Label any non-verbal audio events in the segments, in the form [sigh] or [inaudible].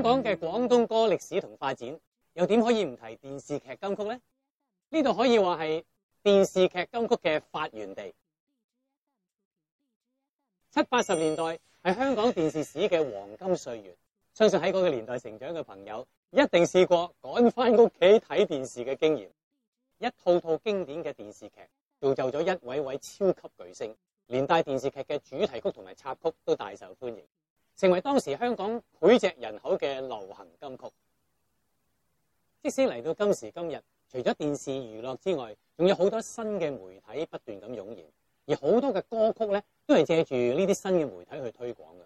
香港嘅廣東歌歷史同發展，又點可以唔提電視劇金曲呢？呢度可以話係電視劇金曲嘅發源地。七八十年代係香港電視史嘅黃金歲月，相信喺嗰個年代成長嘅朋友一定試過趕翻屋企睇電視嘅經驗。一套一套經典嘅電視劇造就咗一位位超級巨星，連帶電視劇嘅主題曲同埋插曲都大受歡迎。成為當時香港膾炙人口嘅流行金曲，即使嚟到今時今日，除咗電視娛樂之外，仲有好多新嘅媒體不斷咁湧現，而好多嘅歌曲咧都係借住呢啲新嘅媒體去推廣嘅。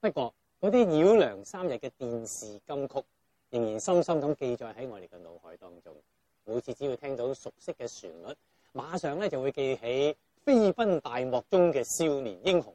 不過嗰啲繞樑三日嘅電視金曲，仍然深深咁記載喺我哋嘅腦海當中。每次只要聽到熟悉嘅旋律，馬上咧就會記起飛奔大漠中嘅少年英雄。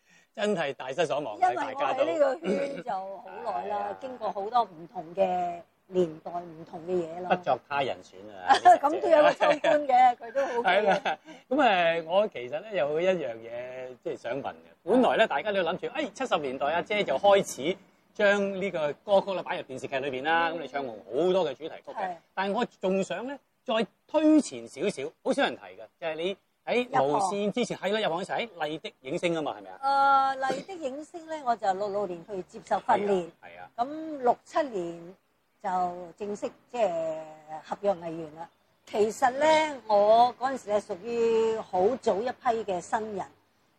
真係大失所望，因為我喺呢個圈就好耐啦，經過好多唔同嘅年代，唔同嘅嘢啦。不作他人選啊，咁都有個唱官嘅，佢都好。係啦，咁誒，我其實咧有一樣嘢即係想問嘅。本來咧，大家都諗住，誒七十年代阿姐就開始將呢個歌曲咧擺入電視劇裏面啦，咁你唱紅好多嘅主題曲嘅。但我仲想咧再推前少少，好少人提嘅，就係你，無、哎、行線之前喺入行嗰時喺麗的影星啊嘛，係咪啊？誒，麗的影星咧、呃，我就六六年去接受訓練，係啊。咁六七年就正式即係、就是、合約藝員啦。其實咧，我嗰陣時咧屬於好早一批嘅新人。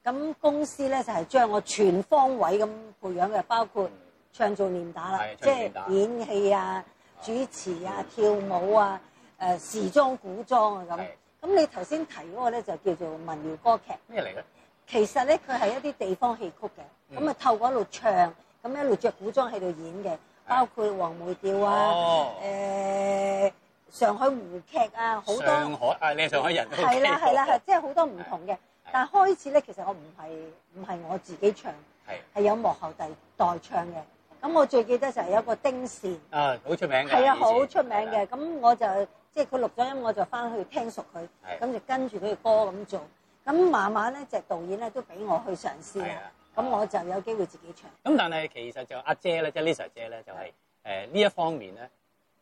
咁公司咧就係、是、將我全方位咁培養嘅，包括唱做念打啦，即係的演戲啊、的主持啊、的跳舞啊、誒、呃、時裝古裝啊咁。咁你頭先提嗰個咧就叫做民謠歌劇咩嚟咧？其實咧佢係一啲地方戲曲嘅，咁啊透過一路唱，咁一路着古裝喺度演嘅，包括黃梅調啊，誒上海滬劇啊，好多上海啊，你係上海人，係啦，係啦，即係好多唔同嘅。但係開始咧，其實我唔係唔係我自己唱，係有幕後第代唱嘅。咁我最記得就係有個丁善，啊好出名嘅，係啊好出名嘅。咁我就。即係佢錄咗音，我就翻去聽熟佢，咁就跟住佢嘅歌咁做。咁慢慢咧，就導演咧都俾我去嘗試，咁我就有機會自己唱。咁但係其實就阿姐咧，即係 Lisa 姐咧，就係誒呢一方面咧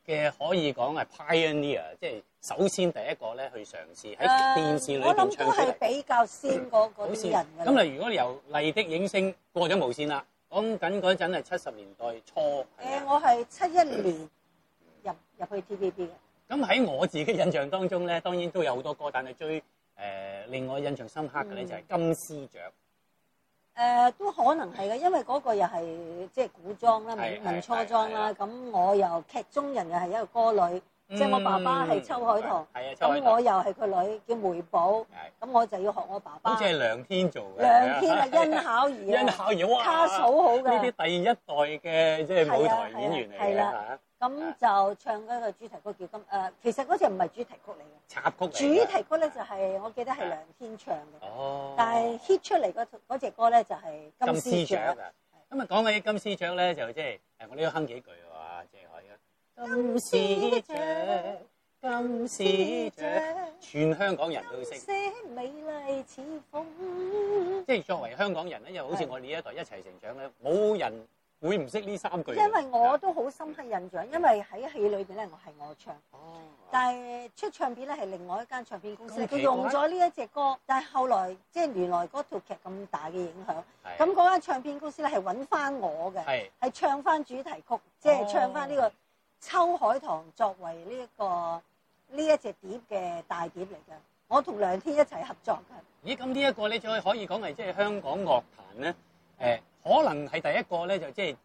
嘅可以講係 pioneer，即係首先第一個咧去嘗試喺電視裏邊唱。我諗都係比較先過嗰啲人嘅。咁啊，如果你由麗的映聲過咗無線啦，講緊嗰陣係七十年代初。誒，我係七一年入入去 TVB 嘅。咁喺我自己的印象當中咧，當然都有好多歌，但係最誒、呃、令我印象深刻嘅咧就係、是、《金絲雀》嗯。誒、呃、都可能係嘅，因為嗰個又係即係古裝啦、文、嗯、民初裝啦，咁我又劇中人又係一個歌女。即係我爸爸係秋海棠，係啊秋海棠。咁我又係個女叫梅寶，係。咁我就要學我爸爸。好似係梁天做嘅。梁天係殷巧兒。殷巧兒哇！卡嫂好嘅。呢啲第一代嘅即係舞台演員嚟嘅嚇。咁就唱嗰個主題曲叫金，誒，其實嗰隻唔係主題曲嚟嘅，插曲主題曲咧就係，我記得係梁天唱嘅。哦。但係 hit 出嚟嗰，嗰隻歌咧就係金絲雀金絲雀。咁啊講緊金絲雀咧，就即係，誒，我呢度哼幾句啊。金絲雀，金絲雀，全香港人都識。美麗似風。即係作為香港人咧，又好似我呢一代一齊成長咧，冇是人會唔識呢三句。因為我都好深刻印象，是因為喺戲裏邊咧，我係我唱。哦。但係出唱片咧，係另外一間唱片公司佢用咗呢一隻歌。但係後來，即、就、係、是、原來嗰套劇咁大嘅影響。係是。咁嗰間唱片公司咧，係搵翻我嘅。係。係唱翻主題曲，即、就、係、是、唱翻呢、這個。哦秋海棠作為呢、這、一個呢一隻碟嘅大碟嚟嘅，我同梁天一齊合作嘅。咦，咁呢一個你再可以講係即係香港樂壇咧？誒，嗯、可能係第一個咧，就即係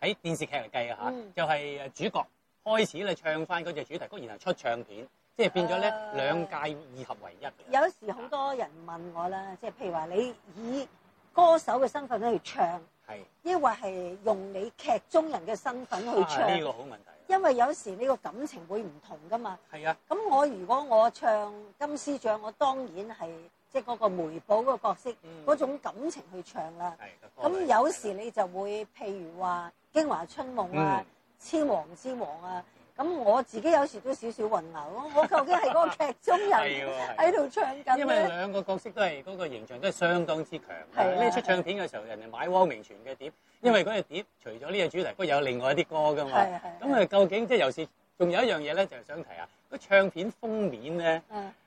喺電視劇嚟計啊吓，就係誒主角開始咧唱翻嗰隻主題曲，然後出唱片，即、就、係、是、變咗咧兩界二合為一。嘅、呃，有時好多人問我啦，即係譬如話你以歌手嘅身份咧去唱。係，抑或係用你劇中人嘅身份去唱，呢、啊呢個好問題、啊。因為有時呢個感情會唔同噶嘛。係啊。咁我如果我唱金絲雀，我當然係即係嗰個梅寶嘅角色，嗰、嗯、種感情去唱啦、啊。係。咁有時你就會的譬如話《京華春夢》啊，嗯《千王之王》啊。咁我自己有時都少少混淆，我究竟係嗰個劇中人喺度唱緊咧？ [laughs] 因為兩個角色都係嗰個形象都係相當之強。係呢出唱片嘅時候，人哋買汪明荃嘅碟，因為嗰隻碟除咗呢隻主題不過有另外一啲歌噶嘛。係係。咁啊，究竟即係有是仲有一樣嘢咧，就係、是、想提下個唱片封面咧，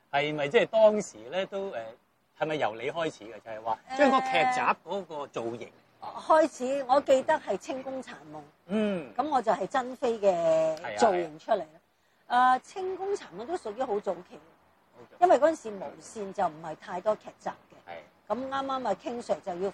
係咪即係當時咧都誒係咪由你開始嘅？就係話將個劇集嗰個造型。啊、開始我記得係《清宮殘夢》，嗯，咁我就係珍妃嘅造型出嚟咯。誒、啊，啊啊《清宮殘夢》都屬於好早期，Okay. 因為嗰陣時無綫就唔係太多劇集嘅。係咁啱啱啊，King Sir 就要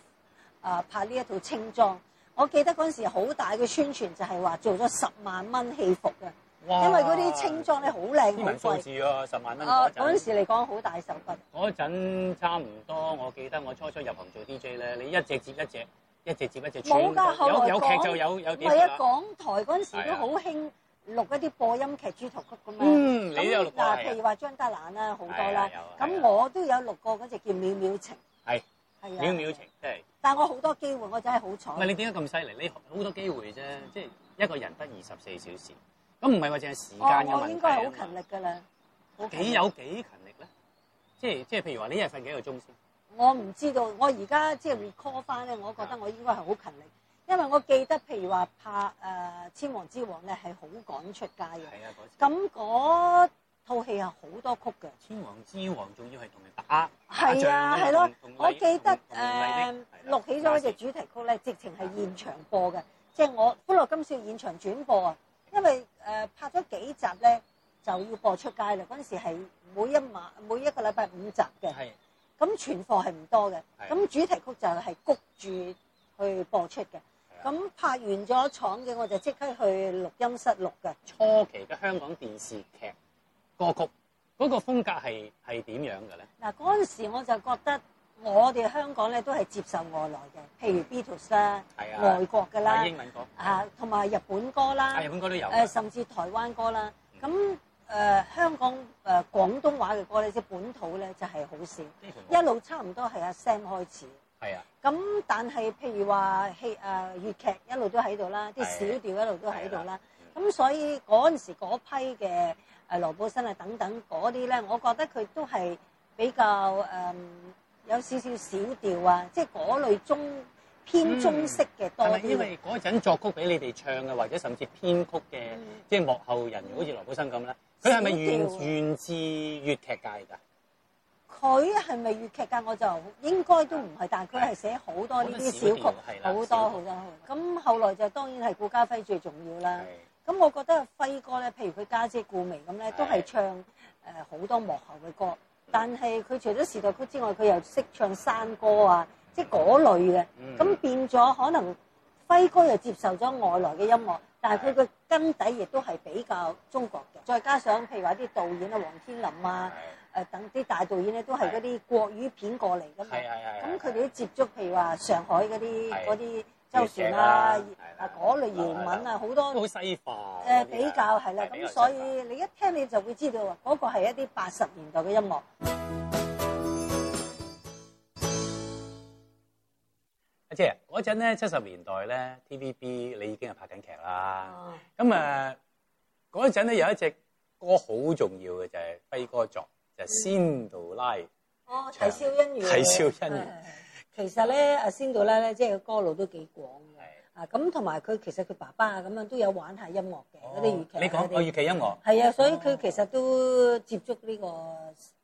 誒拍呢一套清裝。我記得嗰陣時好大嘅宣傳就係話做咗十萬蚊戲服嘅，哇因為嗰啲清裝咧好靚嘅。貴。天文數字啊，十萬蚊嗰陣時嚟講好大手筆。嗰陣差唔多，我記得我初初入行做 DJ 咧，你一隻接一隻。一隻接一隻，冇噶後有有劇就有有啲。啦。係啊，港台嗰陣時都好興錄一啲播音劇主題曲噶嘛。嗯，你有錄嗱，譬如話張德蘭啦，好多啦。咁我都有錄過嗰隻叫《渺渺情》。係係啊，渺渺情即係。但係我好多機會，我真係好彩。唔係，你點解咁犀利？你好多機會啫，即係一個人得二十四小時，咁唔係話淨係時間嘅問題。我應該係好勤力噶啦，幾有幾勤力咧？即係即係譬如話，你一日瞓幾個鐘先？我唔知道，我而家即係 recall 翻咧，我覺得我應該係好勤力，因為我記得譬如話拍誒《千王之王》咧係好趕出街嘅。係啊，咁嗰套戲係好多曲嘅。《千王之王》仲要係同你打，係啊，係咯，我記得誒、uh, 錄起咗嗰隻主題曲咧，直情係現場播嘅，即係的我《歡樂今宵》現場轉播啊，因為誒、呃、拍咗幾集咧就要播出街啦。嗰陣時係每一晚每一個禮拜五集嘅。係。咁全貨係唔多嘅，咁的主題曲就係谷住去播出嘅。咁的拍完咗廠嘅，我就即刻去錄音室錄嘅。初期嘅香港電視劇歌曲嗰、那個風格係係點樣嘅咧？嗱，嗰陣時我就覺得我哋香港咧都係接受外來嘅，譬如 Beatles 啦，的外國嘅啦，英文歌啊，同埋日本歌啦，日本歌都有、啊，誒，甚至台灣歌啦，咁。嗯誒、呃、香港誒、呃、廣東話嘅歌咧，即本土咧就係、是、好少，一路差唔多係阿 Sam 開始。係啊的，咁但係譬如話戲啊粵劇一路都喺度啦，啲小調一路都喺度啦。咁的所以嗰陣時嗰批嘅誒、呃、羅寶新啊等等嗰啲咧，我覺得佢都係比較誒、呃、有少少小調啊，即係嗰類中。偏中式嘅多，係咪因為嗰陣作曲俾你哋唱嘅，或者甚至編曲嘅，即係幕後人員，好似羅寶生咁咧，佢係咪原源自粵劇界㗎？佢係咪粵劇界我就應該都唔係，但係佢係寫好多呢啲小曲，好多好多好多。咁後來就當然係顧嘉輝最重要啦。咁我覺得輝哥咧，譬如佢家姐顧媚咁咧，都係唱誒好多幕後嘅歌，但係佢除咗時代曲之外，佢又識唱山歌啊。即係嗰類嘅，咁變咗可能輝哥又接受咗外來嘅音樂，但係佢個根底亦都係比較中國嘅。再加上譬如話啲導演啊，王天林啊，誒等啲大導演咧，都係嗰啲國語片過嚟㗎嘛。係係係。咁佢哋都接觸譬如話上海嗰啲啲周旋啦，啊嗰類言文啊，好多。好西化。誒比較係啦，咁所以你一聽你就會知道嗰個係一啲八十年代嘅音樂。即係嗰陣咧，七十年代咧，TVB 你已經係拍緊劇啦。咁誒，嗰陣咧有一隻歌好重要嘅，就係輝哥作，就係仙杜拉。哦，啼笑姻緣。啼笑姻緣。其實咧，阿仙杜拉咧，即係個歌路都幾廣嘅。係。啊，咁同埋佢其實佢爸爸咁樣都有玩下音樂嘅嗰啲粵劇。你講個粵劇音樂。係啊，所以佢其實都接觸呢個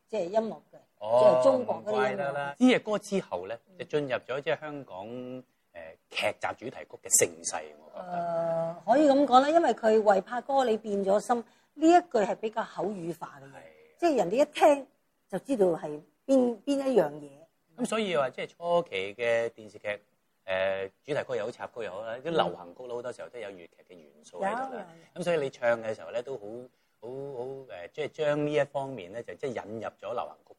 即係音樂嘅。哦，即係中國嗰啲啦。呢隻歌之後咧，嗯、就進入咗即係香港誒、呃、劇集主題曲嘅盛世，我覺得、呃、可以咁講啦。因為佢為怕哥你變咗心呢一句係比較口語化嘅，係的，即係人哋一聽就知道係邊邊一樣嘢。咁所以話即係初期嘅電視劇誒、呃、主題曲又好，插曲又好啦，啲流行曲好多時候都有粵劇嘅元素喺度。咁所以你唱嘅時候咧都好好好誒，即係將呢一方面咧就即係引入咗流行曲。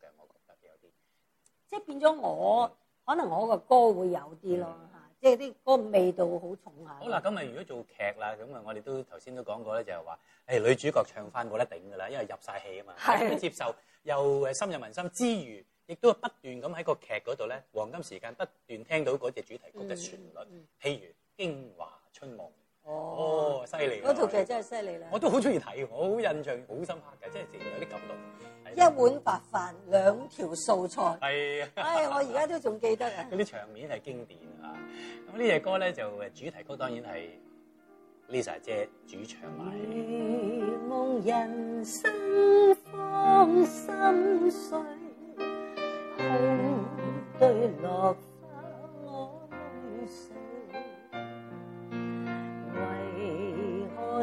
即係變咗我，嗯、可能我個歌會有啲咯、嗯、即係啲個味道會重好重下。好啦，咁啊如果做劇啦，咁啊我哋都頭先都講過咧，就係、係、話，女主角唱翻嗰粒頂㗎啦，因為入晒戲啊嘛，係接受又深入民心之餘，亦都不斷咁喺個劇嗰度咧，黃金時間不斷聽到嗰隻主題曲嘅旋律，嗯嗯、譬如《京華春夢》。Oh, 哦，犀利！嗰套劇真係犀利啦，我都好中意睇，好印象好深刻嘅，真係自然有啲感動。一碗白飯，兩條素菜，係，哎呀，我而家都仲記得啊！啲場面係經典啊！咁呢隻歌咧就誒主題曲，當然係 Lisa 姐主唱埋。夢人生、》 [music] 《心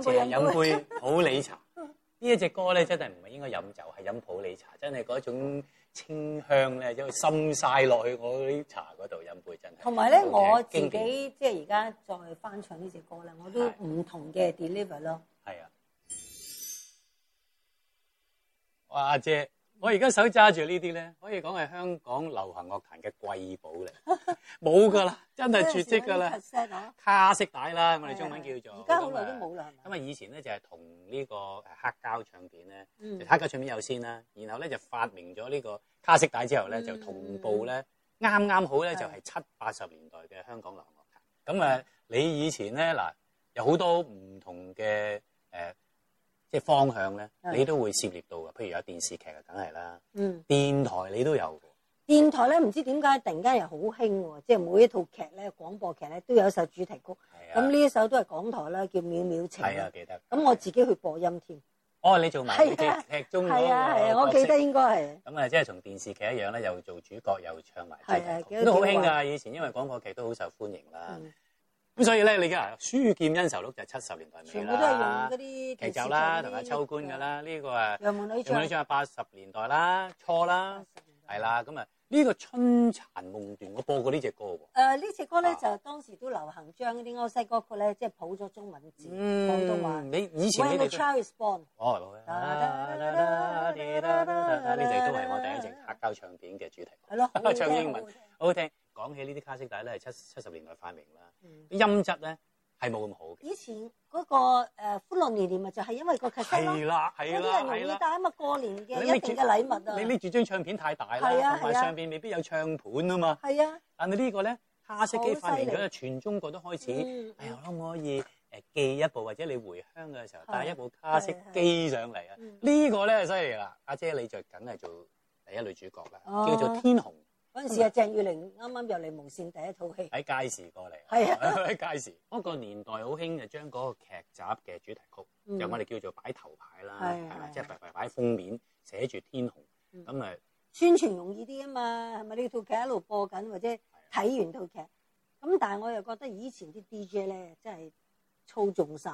借飲杯，杯普洱茶，呢 [laughs] 一隻歌咧真係唔係應該飲酒，係飲普洱茶，真係嗰種清香咧，因為滲晒落去我啲茶嗰度飲杯真係。同埋咧，我自己典即係而家再翻唱呢隻歌咧，我都唔同嘅 deliver 咯。係啊，哇阿姐。我而家手揸住呢啲咧，可以講係香港流行樂壇嘅瑰寶嚟，冇噶啦，真係絕跡噶啦，卡式帶啦，我哋中文叫做。而家好耐都冇啦，咁咪以前咧就係同呢個黑膠唱片咧，嗯、就黑膠唱片有先啦，然後咧就發明咗呢個卡式帶之後咧，就同步咧，啱啱好咧就係七八十年代嘅香港流行樂壇。咁咪，你以前咧嗱，有好多唔同嘅誒即係方向咧，你都會涉獵到嘅。譬如有電視劇啊，梗係啦。嗯，電台你都有嘅。電台咧，唔知點解突然間又好興喎，即係每一套劇咧，廣播劇咧，都有一首主題曲。係啊。咁呢一首都係港台啦，叫《淼淼情》。係啊，記得。咁我自己去播音添。哦，你做埋劇中嗰個角色。係啊，係啊，我記得應該係。咁啊，即係從電視劇一樣咧，又做主角，又唱埋主題曲，都好興㗎。以前因為廣播劇都好受歡迎啦。咁所以咧，你嘅啊《書劍恩仇錄》就係七十年代尾啦，我都係用嗰啲旗袍啦，同埋秋官嘅啦，呢個啊，楊門女將八十年代啦，初啦，係啦，咁啊，呢個《春殘夢斷》我播過呢隻歌喎。誒，呢隻歌咧就當時都流行將嗰啲歐西歌曲咧，即係譜咗中文字，放到話。你以前你哋 When a Child Is Born。啊，呢隻都係我第一隻黑膠唱片嘅主題歌。係咯，唱英文，好好聽。講起呢啲卡式帶咧，係七七十年代發明啦，音質咧係冇咁好嘅。以前嗰個誒歡樂年年咪就係因為個卡式咯，好多人要帶啊嘛過年嘅一定嘅禮物啊。你拎住張唱片太大啦，同埋上邊未必有唱盤啊嘛。係啊，但係呢個咧卡式機發明咗全中國都開始。哎呀，可唔可以誒寄一部或者你回鄉嘅時候帶一部卡式機上嚟啊？呢個咧就犀利啦，阿姐你就梗係做第一女主角啦，叫做天虹。嗰陣時啊，鄭月玲啱啱又嚟無線第一套戲，喺街市過嚟。係啊，喺街市嗰個年代好興就將嗰個劇集嘅主題曲，就我哋叫做擺頭牌啦，係即係擺排封面寫住天虹咁啊，宣傳容易啲啊嘛，係咪呢套劇一路播緊或者睇完套劇，咁但係我又覺得以前啲 DJ 咧真係操縱晒，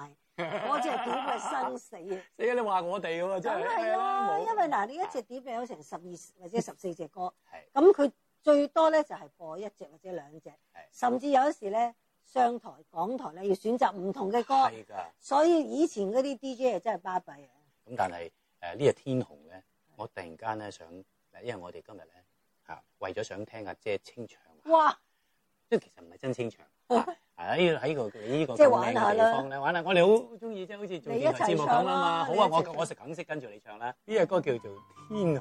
我隻點嘅生死，死啊！你話我哋喎，真係係啦，因為嗱，你一隻碟有成十二或者十四隻歌，係咁佢。最多咧就係播一隻或者兩隻，甚至有時咧上台港台咧要選擇唔同嘅歌，所以以前嗰啲 DJ 真係巴閉啊！咁但係誒呢個天虹咧，我突然間咧想，因為我哋今日咧嚇為咗想聽阿姐清唱，哇！即係其實唔係真清唱嚇，喺喺個叫呢個叫玩嘅啦，放你玩啦！我哋好中意即係好似做節目咁啊嘛，好啊！我我食梗式跟住你唱啦！呢個歌叫做《天虹》。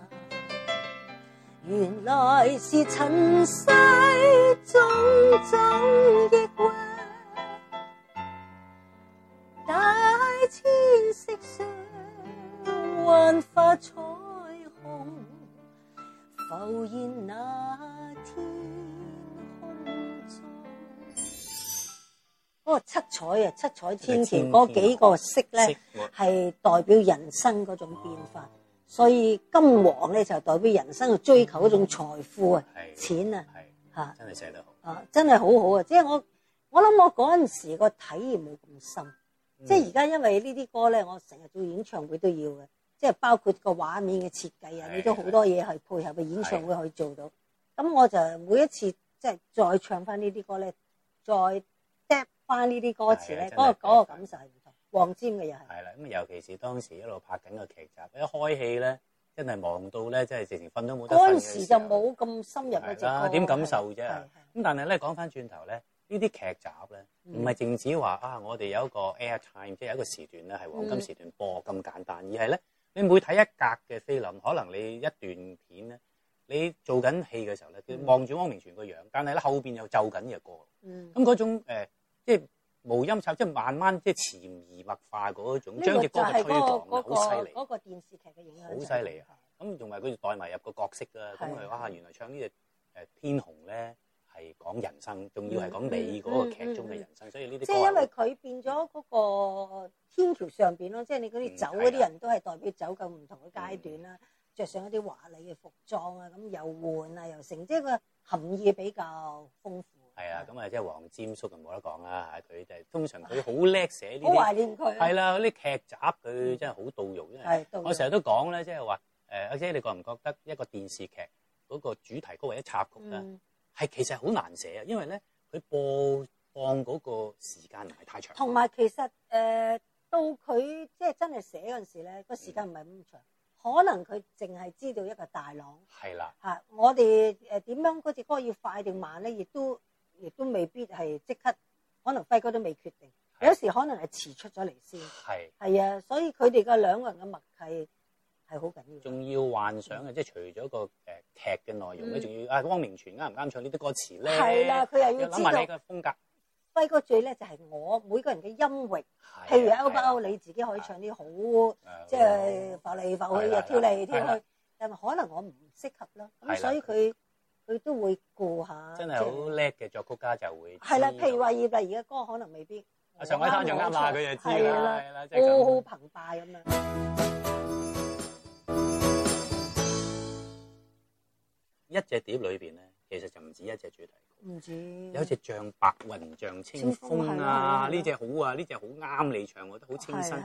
原來是塵世種種抑鬱，大千色上幻化彩虹，浮現那天空中，哦。嗰個七彩啊，七彩天橋嗰幾個色咧，係代表人生嗰種變化。哦所以金黃咧就代表人生去追求一種財富啊，係、嗯、錢啊，係吓真係寫得好啊，真係好的真的好啊！即、就、係、是、我，我諗我陣時個體驗冇咁深，即係而家因為呢啲歌咧，我成日做演唱會都要嘅，即係包括個畫面嘅設計啊，你都好多嘢係配合嘅演唱會可以做到。咁的我就每一次即係、就是、再唱翻呢啲歌咧，再 tap 翻呢啲歌詞咧，個個感受。黃沾嘅人，係，啦，咁尤其是當時一路拍緊個劇集，一開戲咧，真係忙到咧，真係直情瞓都冇得瞓。嗰陣時就冇咁深入咁，點感受啫？咁但係咧，講翻轉頭咧，呢啲劇集咧，唔係淨止話啊，我哋有一個 air time，即係有一個時段咧，係黃金時段播咁的簡單，而係咧，你每睇一格嘅菲林，可能你一段片咧，你做緊戲嘅時候咧，望住的汪明荃個樣，但係咧後邊又奏緊嘅歌，咁嗰的種、呃、即係。無音唱即係慢慢即係潛移默化嗰種，將隻、那個、歌嘅推動力好犀利。嗰個電視劇嘅影響好犀利啊！咁同埋佢代埋入個角色噶，咁啊的哇，原來唱、這個呃、紅呢隻誒天虹咧係講人生，仲要係講你嗰個劇中嘅人生，嗯嗯、所以呢啲即係因為佢變咗嗰個天橋上邊咯，即、就、係、是、你嗰啲走嗰啲人都係代表走夠唔同嘅階段啦，着、嗯、上一啲華麗嘅服裝啊，咁、嗯、又換啊又成，即係個含義比較豐富。係啊，咁啊，即係黃霑叔就冇得講啦。佢就係通常佢好叻寫呢啲，好懷念佢。係啦，啲劇集佢真係好倒用，真係。我成日都講咧，即係話誒，阿姐你覺唔覺得一個電視劇嗰個主題曲或者插曲咧，係其實好難寫啊？因為咧，佢播放嗰個時間唔係太長。同埋其實誒，到佢即係真係寫嗰陣時咧，個時間唔係咁長，可能佢淨係知道一個大朗。係啦。嚇，我哋誒點樣嗰隻歌要快定慢咧？亦都。亦都未必係即刻，可能輝哥都未決定，有時可能係遲出咗嚟先。係，係啊，所以佢哋嘅兩個人嘅默契係好緊要。仲要幻想嘅，即係除咗個誒劇嘅內容咧，仲要啊汪明荃啱唔啱唱呢啲歌詞咧？係啦，佢又要知埋你嘅風格。輝哥最叻就係我，每個人嘅音域，譬如歐巴歐，你自己可以唱啲好即係浮嚟浮去嘅、跳嚟跳去，但係可能我唔適合咯。咁所以佢。佢都會顧下，真係好叻嘅作曲家就會。係啦，譬如話葉麗儀，而家歌可能未必。阿常偉山仲啱下，佢就知啦，係啦，即係咁。好澎湃咁樣。一隻碟裏邊咧，其實就唔止一隻主題。唔知有隻像白雲像清風啊！呢隻好啊，呢隻好啱你唱，我覺得好清新，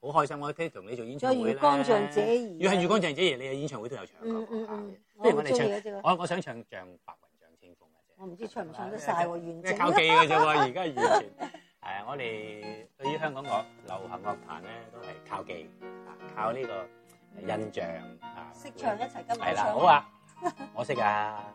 好開心。我可以同你做演唱會啦，如果係《月光像姐兒》，你嘅演唱會都有唱。嗯嗯嗯，我好中意呢隻歌。我我想唱《像白雲像清風》嘅啫。我唔知唱唔唱得晒喎，完全係靠記嘅啫喎。而家完全係啊！我哋對於香港樂流行樂壇咧，都係靠記啊，靠呢個印象啊。識唱一齊跟埋。係啦，好啊，我識啊。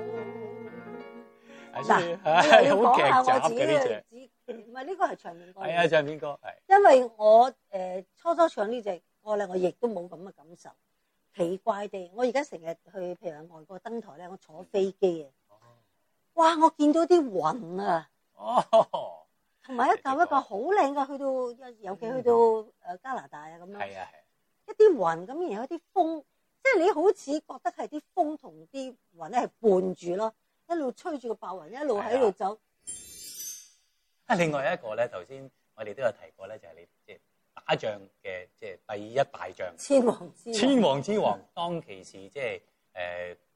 嗱，你、 [laughs] 啊、要講下我自己唔係呢個係唱面歌係啊，唱面歌，係、這個、因為我誒初初唱呢隻歌咧，我亦都冇咁嘅感受。奇怪地，我而家成日去譬如喺外國登台咧，我坐飛機啊，哇！我見到啲雲啊，哦，同埋一嚿一嚿好靚嘅，去到尤其去到誒加拿大啊咁樣，係啊係，一啲雲咁，然後一啲風，即係你好似覺得係啲風同啲雲咧係伴住咯。一路吹住個白雲，一路喺度走。啊，另外一個咧，頭先我哋都有提過咧，就係你即係打仗嘅即係第一大將，千王之千王之王，當其時即係誒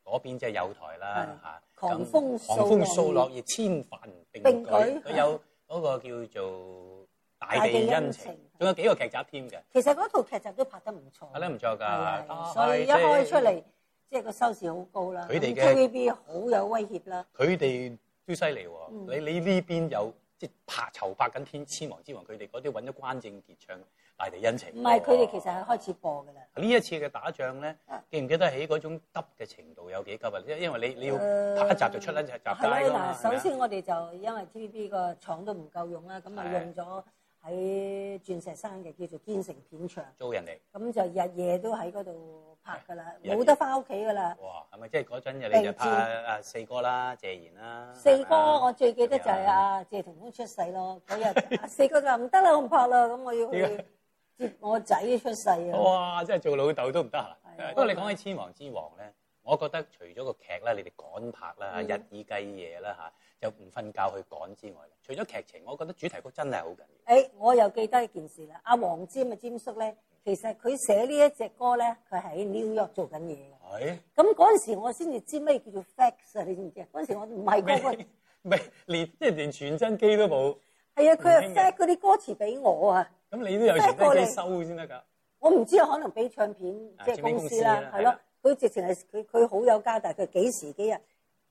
嗰邊即係有台啦吓，狂風狂風掃落葉，千帆並舉，佢有嗰個叫做大地恩情，仲有幾個劇集添嘅。其實嗰套劇集都拍得唔錯，拍得唔錯噶，所以一開出嚟。即係個收視好高啦，佢哋嘅 tvb 好有威脅啦。佢哋都犀利喎！嗯、你你呢邊有即係、就是、拍籌拍緊《天之王之王千王之王》，佢哋嗰啲揾咗關正傑唱《大地恩情》是。唔係，佢哋其實係開始播㗎啦。呢、嗯、一次嘅打仗咧，是記唔記得起嗰種急嘅程度有幾急啊？因為你你要拍一集就出一、呃、集集首先我哋就嗎因為 T V B 個廠都唔夠用啦，咁咪用咗喺鑽石山嘅叫做堅城片場租人嚟。咁就日夜都喺嗰度。拍噶啦，冇得翻屋企噶啦。哇！係咪即係嗰陣就你就拍阿四哥啦、謝賢啦。四哥，我最記得就係阿、啊、謝霆鋒出世咯。嗰日四哥就唔得啦，我唔拍啦，咁我要接我仔出世啊！哇！真係做老豆都唔得啊！不過你講起《千王之王》咧，我覺得除咗個劇啦、你哋趕拍啦、嗯、日以繼夜啦嚇，就唔瞓覺去趕之外，除咗劇情，我覺得主題曲真係好緊要。誒、欸，我又記得一件事啦，阿黃霑啊，霑叔咧。其實佢寫呢一隻歌咧，佢喺 New York 做緊嘢。係。咁嗰陣時我先至知咩叫做 fax 啊！你知唔知啊？嗰陣時我唔係嗰個。唔係，連即係連傳真機都冇。係啊，佢 fax 嗰啲歌詞俾我啊。咁你都有傳真機收先得㗎？我唔知啊，可能俾唱片即係公司啦，係咯。佢直情係佢佢好有交代，佢幾時幾日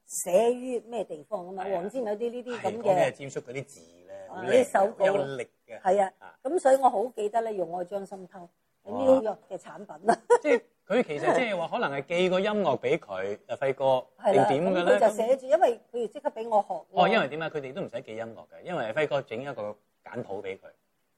寫於咩地方咁嘛。黃霑有啲呢啲咁嘅。咩啊？霑叔嗰啲字咧。呢啲手稿。有力嘅。係啊。咁所以我好記得咧，用我張心偷。音樂嘅產品啦，即係佢其實即係話可能係寄個音樂俾佢，阿輝哥係點嘅咧？就寫住，因為佢哋即刻俾我學。哦，因為點解？佢哋都唔使寄音樂嘅，因為輝哥整一個簡譜俾佢。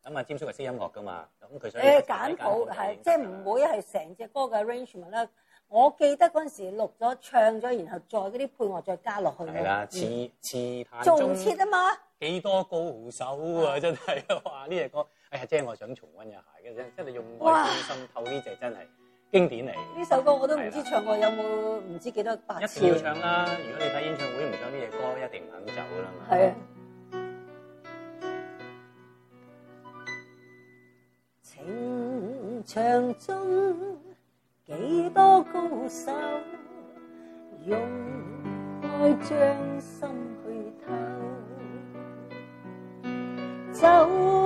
咁啊，詹叔係識音樂噶嘛？咁佢想誒，簡譜係即係唔會係成隻歌嘅 arrangement 啦。我記得嗰陣時錄咗唱咗，然後再嗰啲配樂再加落去。係啦，切切派做唔切啊嘛！幾多高手啊！真係哇！呢個哎呀，即係我想重温一下嘅啫，即係用愛將心偷。呢隻真係經典嚟。呢首歌我都唔知唱過有冇，唔知幾多百次。一定要唱啦！如果你睇演唱會唔唱呢隻歌，一定肯走啦嘛。係啊。情場中幾多高手用愛將心去偷，走。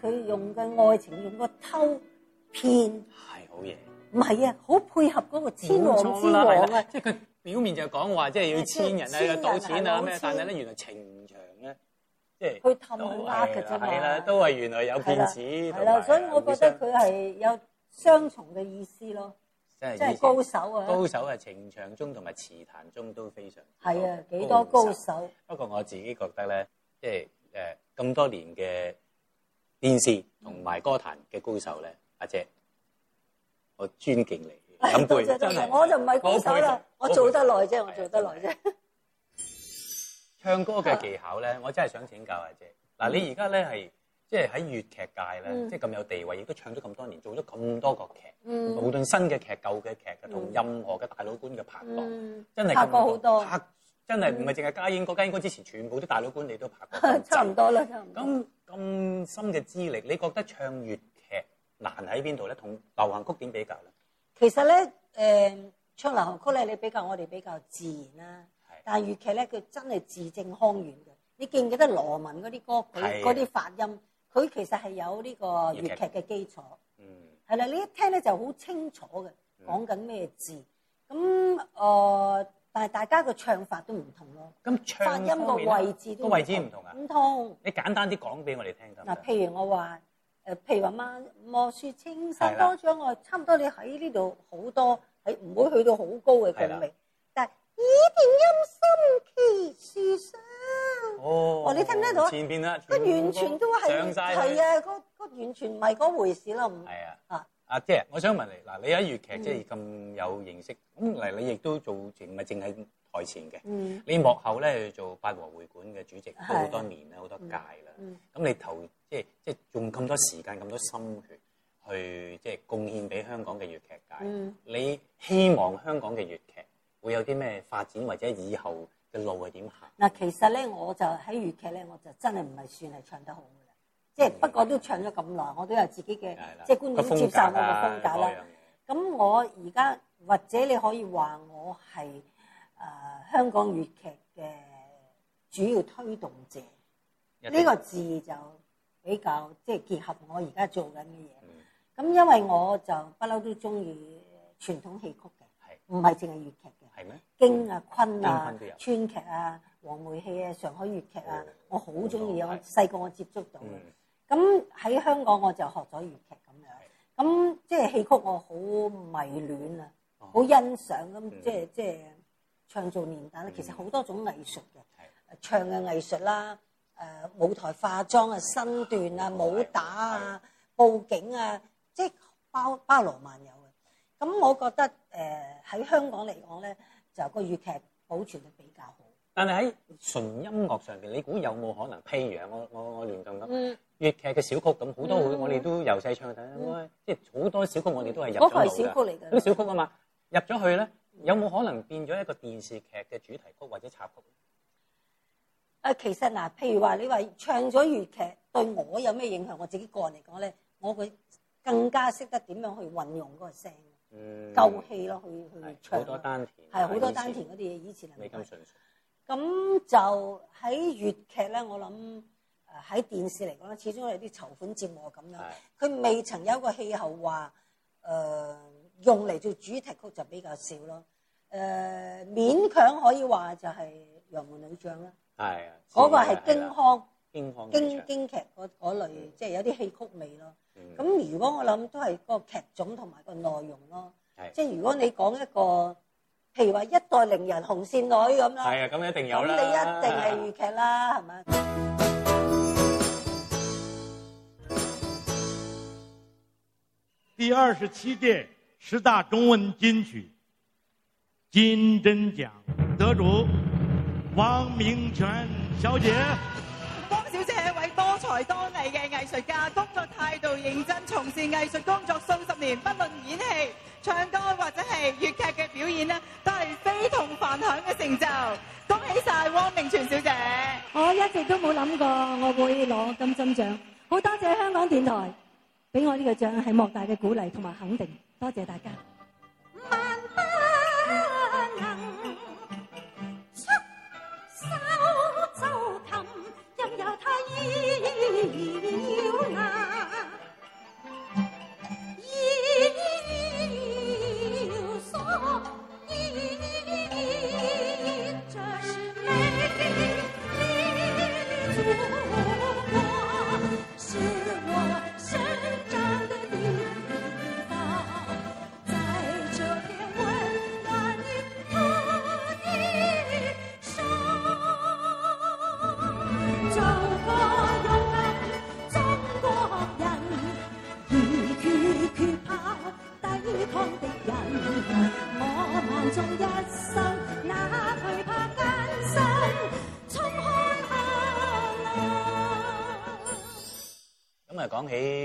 佢用嘅愛情，用個偷騙係好嘢，唔係啊，好配合嗰個千王之王。啊。即係佢表面就係講話，即係要千人啊、賭錢啊咩，但係咧原來情場咧，即係去氹嘅，真係啦，都係原來有騙子同係啦，所以我覺得佢係有雙重嘅意思咯，即係高手啊！高手係情場中同埋詞壇中都非常係啊，幾多高手。不過我自己覺得咧，即係誒咁多年嘅。電視同埋歌壇嘅高手咧，阿姐，我尊敬你，飲杯真係。我就唔係高手啦，我做得耐啫，我做得耐啫。唱歌嘅技巧咧，我真係想請教阿姐。嗱，你而家咧係即係喺粵劇界咧，即係咁有地位，亦都唱咗咁多年，做咗咁多個劇，無論新嘅劇、舊嘅劇，同任何嘅大老倌嘅拍檔，真係拍過好多。真係唔係淨係家英哥，家英哥之前全部啲大老倌你都拍過差，差唔多啦，咁咁深嘅資歷，你覺得唱粵劇難喺邊度咧？同流行曲點比較咧？其實咧，誒、嗯、唱流行曲咧，你比較我哋比較自然啦、啊。的但係粵劇咧，佢真係字正腔圓嘅。你記唔記得羅文嗰啲歌，佢嗰啲發音，佢其實係有呢個粵劇嘅基礎。嗯劇，係啦，你一聽咧就好清楚嘅，講緊咩字。咁誒，呃係大家個唱法都唔同咯，唱歌發音嘅位置個位置都唔同。唔通同？你簡單啲講俾我哋聽嗱，譬如我話誒，譬如話《晚莫說青山多障礙》，我差唔多你喺呢度好多，係唔會去到好高嘅調味，的但耳聽音心寄樹上。哦，你聽唔聽到？前邊佢完全都係係啊，個完全唔係嗰回事咯，唔啊。啊，即係我想問你，嗱，嗯、你喺粵劇即係咁有認識，咁嚟，你亦都做，唔係淨係台前嘅，嗯，你幕後咧做八和會館嘅主席都好多年啦，好、嗯、多屆啦。咁、嗯、你投即係即係用咁多時間咁、嗯、多心血去即係貢獻俾香港嘅粵劇界。嗯、你希望香港嘅粵劇會有啲咩發展，或者以後嘅路係點行？嗱，其實咧，我就喺粵劇咧，我就真係唔係算係唱得好。即係不過都唱咗咁耐，我都有自己嘅，即係觀眾接受我嘅風格啦。咁我而家或者你可以話我係誒香港粵劇嘅主要推動者，呢個字就比較即係結合我而家做緊嘅嘢。咁因為我就不嬲都中意傳統戲曲嘅，唔係淨係粵劇嘅，京啊、昆啊、川劇啊、黃梅戲啊、上海粵劇啊，我好中意啊！細個我接觸到，咁喺香港我就學咗粵劇咁樣，咁即係戲曲我好迷戀啊，好欣賞咁即係即係唱做唸打咧。其實好多種藝術嘅，唱嘅藝術啦，誒舞台化妝啊、身段啊、武打啊、布景啊，即係包包羅萬有嘅。咁我覺得誒喺香港嚟講咧，就個粵劇保存得比較好。但係喺純音樂上邊，你估有冇可能譬如我我我亂咁咁？粵劇嘅小曲咁好多，我我哋都由細唱，但即係好多小曲，我哋都係入咗腦嘅。嗰係小曲嚟嘅。小曲啊嘛，入咗去咧，有冇可能變咗一個電視劇嘅主題曲或者插曲？誒，其實嗱，譬如話你話唱咗粵劇對我有咩影響？我自己個人嚟講咧，我會更加識得點樣去運用嗰個聲，夠氣咯，去去唱，好多丹田，係好多丹田嗰啲嘢。以前係未夠純熟，咁就喺粵劇咧，我諗。喺電視嚟講咧，始終有啲籌款節目咁樣，佢的未曾有個氣候話，誒、呃、用嚟做主題曲就比較少咯。誒、呃、勉強可以話就係、是《楊門女將》啦，係啊的，嗰個係京腔，京腔京京劇嗰類，嗯、即係有啲戲曲味咯。咁、嗯、如果我諗都係個劇種同埋個內容咯，的即係如果你講一個譬如話一代伶人紅線女咁啦，係啊，咁一定有啦，咁你一定係豫劇啦，係咪、啊？是吧。第二十七屆十大中文金曲金針獎得主汪明荃小姐。汪小姐係一位多才多藝嘅藝術家，工作態度認真，從事藝術工作數十年，不論演戲、唱歌或者係粵劇嘅表演呢，都係非同凡響嘅成就。恭喜晒汪明荃小姐！我一直都冇諗過我會攞金針獎，好多謝香港電台。畀我呢個獎係莫大嘅鼓勵同埋肯定，多謝大家。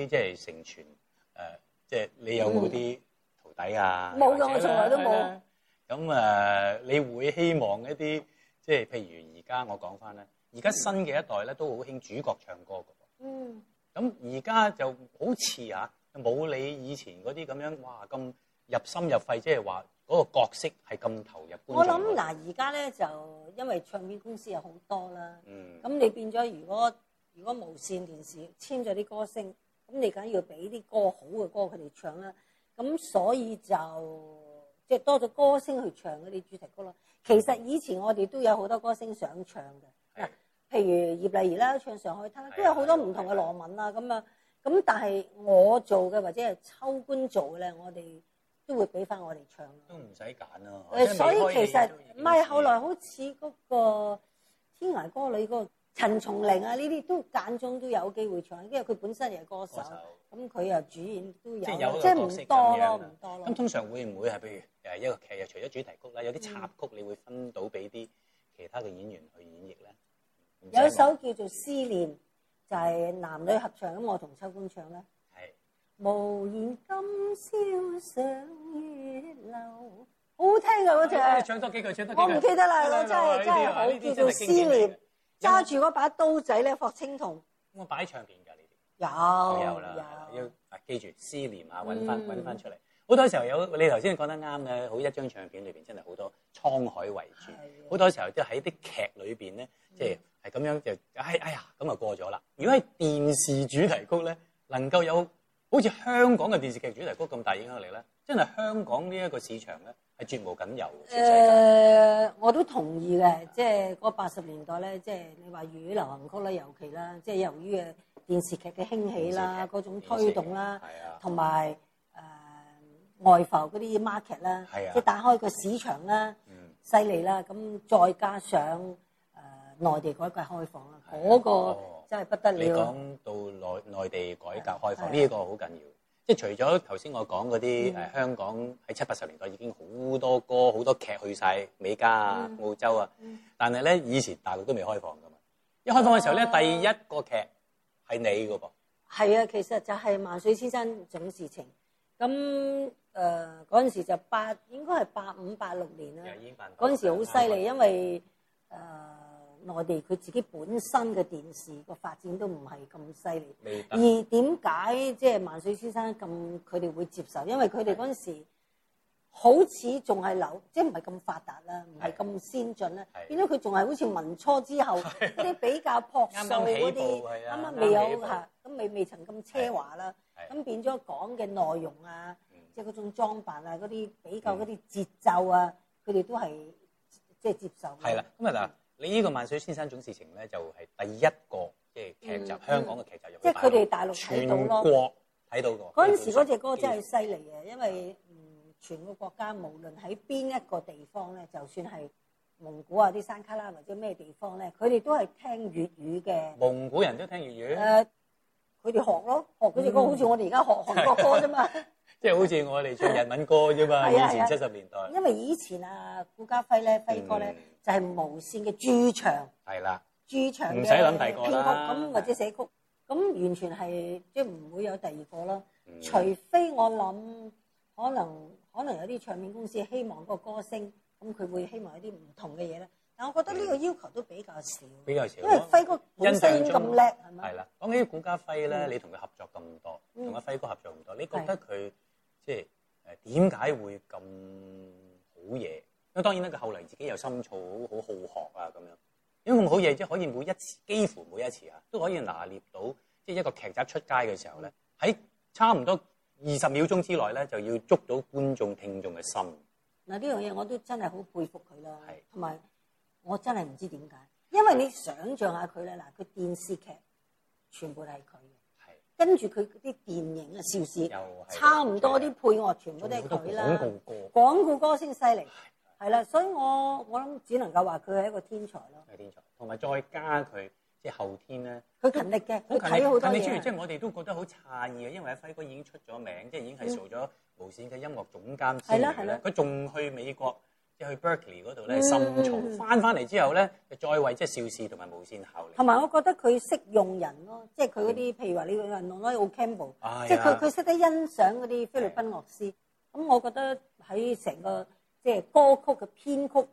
即係成全誒、呃，即係你有冇啲徒弟啊？冇㗎、嗯，我從來都冇。咁誒、呃，你會希望一啲即係譬如而家我講翻咧，而家新嘅一代咧都好興主角唱歌嘅。嗯。咁而家就好似啊，冇你以前嗰啲咁樣，哇咁入心入肺，即係話嗰個角色係咁投入。我諗嗱，而家咧就因為唱片公司有好多啦。嗯。咁你變咗，如果如果無線電視簽咗啲歌星。咁你梗要俾啲歌好嘅歌佢哋唱啦、啊，咁所以就即係、就是、多咗歌星去唱嗰啲主題歌咯。其實以前我哋都有好多歌星想唱嘅，的譬如葉麗儀啦，是的唱《上海灘》的都有好多唔同嘅，羅文啦咁啊。咁但係我做嘅或者係秋官做嘅咧，我哋都會俾翻我哋唱。都唔使揀啊，所以其實唔係後來好似嗰個《天涯歌女、那》個。陳松伶啊，呢啲都間中都有機會唱，因為佢本身又係歌手，咁佢又主演都有，即係唔多咯，唔多咯。咁通常會唔會係譬如誒一個劇啊，除咗主題曲啦，有啲插曲，你會分到俾啲其他嘅演員去演繹咧？有首叫做《思念》，就係男女合唱，咁我同秋官唱啦。係。無言今宵上月樓，好好聽㗎嗰隻。唱多幾句，唱多。我唔記得啦，我真係真係好叫做思念。揸住嗰把刀仔咧，霍青桐。咁我擺唱片㗎你哋。有。有啦，有要啊，記住思念啊，揾翻揾翻出嚟。好多時候有，你頭先講得啱嘅，好一張唱片裏邊真係好多滄海遺珠。的好多時候即係喺啲劇裏邊咧，即係係咁樣就係、嗯、哎呀咁啊過咗啦。如果係電視主題曲咧，能夠有好似香港嘅電視劇主題曲咁大影響力咧，真係香港呢一個市場咧。絕無僅有。誒，我都同意嘅，即係嗰八十年代咧，即係你話粵語流行曲啦，尤其啦，即係由於誒電視劇嘅興起啦，嗰種推動啦，同埋誒外埠嗰啲 market 啦，即係打開個市場啦，犀利啦。咁再加上誒內地改革開放啦，嗰個真係不得了。你講到內內地改革開放呢個好緊要。即係除咗頭先我講嗰啲誒香港喺七八十年代已經好多歌好多劇去晒，美加啊澳洲啊，嗯、但係咧以前大陸都未開放噶嘛，一開放嘅時候咧、啊、第一個劇係你個噃，係啊其實就係萬水千山總是情，咁誒嗰陣時就八應該係八五八六年啦，嗰陣時好犀利，嗯、因為誒。呃內地佢自己本身嘅電視個發展都唔係咁犀利，而點解即係萬水先生咁佢哋會接受？因為佢哋嗰陣時好似仲係樓，即係唔係咁發達啦，唔係咁先進啦，變咗佢仲係好似民初之後嗰啲比較樸素嗰啲，啱啱未有吓，咁未未曾咁奢華啦，咁變咗講嘅內容啊，即係嗰種裝扮啊，嗰啲比較嗰啲節奏啊，佢哋都係即係接受。係啦，咁係啦。你呢、這個萬水千山總是情咧，就係、是、第一個劇集，嗯、香港嘅劇集入邊，即係佢哋大陸睇到咯，全國睇到過。嗰陣時嗰隻歌真係犀利嘅，乎因為、嗯、全個國家無論喺邊一個地方咧，就算係蒙古啊、啲山卡拉或者咩地方咧，佢哋都係聽粵語嘅。蒙古人都聽粵語？佢哋、呃、學咯，學嗰隻歌，好似我哋而家學韓國歌啫嘛。嗯 [laughs] 即係好似我哋唱日文歌啫嘛，以前七十年代。因為以前啊，顧嘉輝咧，輝哥咧就係無線嘅駐場。係啦，駐場唔使諗第二個啦。咁或者寫曲，咁完全係即係唔會有第二個啦。除非我諗可能可能有啲唱片公司希望個歌星，咁佢會希望一啲唔同嘅嘢咧。但我覺得呢個要求都比較少，比較少，因為輝哥本身咁叻係嘛。係啦，講起顧嘉輝咧，你同佢合作咁多，同阿輝哥合作咁多，你覺得佢？即係誒，點解會咁好嘢？咁當然啦，佢後嚟自己又深造，好好學啊咁樣。因為咁好嘢，即係可以每一次，幾乎每一次啊，都可以拿捏到即係一個劇集出街嘅時候咧，喺差唔多二十秒鐘之內咧，就要捉到觀眾聽眾嘅心。嗱，呢樣嘢我都真係好佩服佢啦。係是，同埋我真係唔知點解，因為你想象下佢咧，嗱，佢電視劇全部都係佢。跟住佢啲電影啊，邵氏，又係，差唔多啲配樂全部都係佢啦。廣告歌，廣告歌先犀利，係啦，所以我我諗只能夠話佢係一個天才咯。係天才，同埋再加佢即係後天咧。佢勤力嘅，佢睇好多。你知唔知？即係我哋都覺得好詫異嘅，因為阿輝哥已經出咗名，即係已經係做咗無線嘅音樂總監。係啦，係啦。佢仲去美國。去 Berkeley 嗰度咧深造，翻翻嚟之後咧再為即係邵氏同埋無線效力。同埋我覺得佢識用人咯，即係佢嗰啲，譬如話你個運動咧 o Campbell，即係佢佢識得欣賞嗰啲菲律賓樂師。咁我覺得喺成個即係歌曲嘅編曲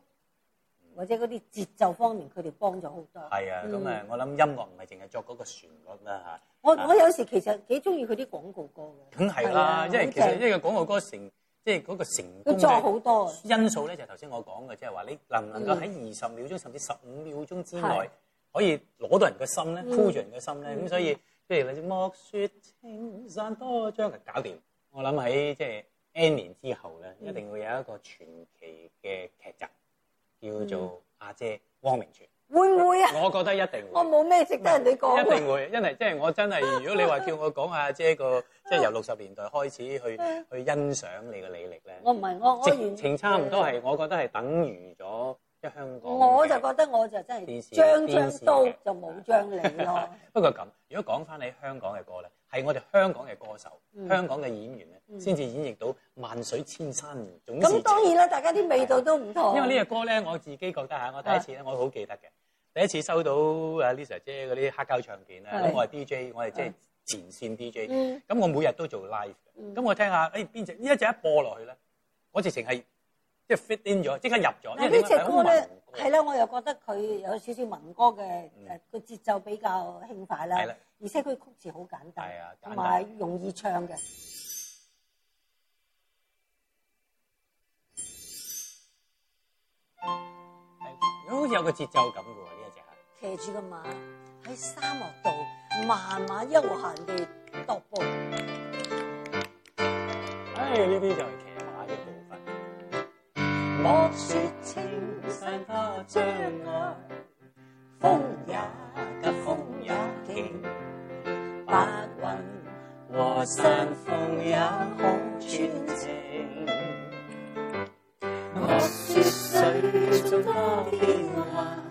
或者嗰啲節奏方面，佢哋幫咗好多。係啊，咁誒，我諗音樂唔係淨係作嗰個旋律啦嚇。我我有時其實幾中意佢啲廣告歌嘅。梗係啦，因為其實因為廣告歌成。即係個成功嘅因素咧，就係頭先我講嘅，即係話你能唔能夠喺二十秒鐘甚至十五秒鐘之內可以攞到人嘅心咧，箍住人嘅心咧，咁所以即係例如莫說青山多將嘅搞掂，我諗喺即係 N 年之後咧，嗯、一定會有一個傳奇嘅劇集叫做阿姐汪明荃。會唔會啊？我覺得一定會。我冇咩值得人哋講。一定會，因為即係我真係， [laughs] 如果你話叫我講下阿姐個，即係由六十年代開始去 [laughs] 去欣賞你嘅履歷咧。我唔係，我我完全差唔多係，我覺得係等於咗香港。我就覺得我就真係張張刀就冇張你咯。 [laughs] 不過咁，如果講翻你香港嘅歌咧，係我哋香港嘅歌手、嗯、香港嘅演員咧，先至演繹到萬水千山總是情。咁當然啦，大家啲味道都唔同，啊。因為呢個歌咧，我自己覺得嚇，我第一次咧，我好記得嘅。第一次收到阿 Lisa 姐啲黑膠唱片咧，咁我係 DJ，我係即係前線 DJ。咁我每日都做 live 嘅，咁我聽下，誒邊隻呢一隻一播落去咧，我直情係即係 fit in 咗，即刻入咗。因為呢隻歌咧，係咧，我又覺得佢有少少民歌嘅，誒個節奏比較輕快啦，而且佢曲詞好簡單，係啊，同埋容易唱嘅，好似有個節奏感。騎住個馬，喺沙漠度慢慢悠閒地踱步。哎，呢啲就係騎馬嘅部分。莫說青山多障礙，風也急，風也勁，白雲過山峰也可傳情。莫說水中多變幻。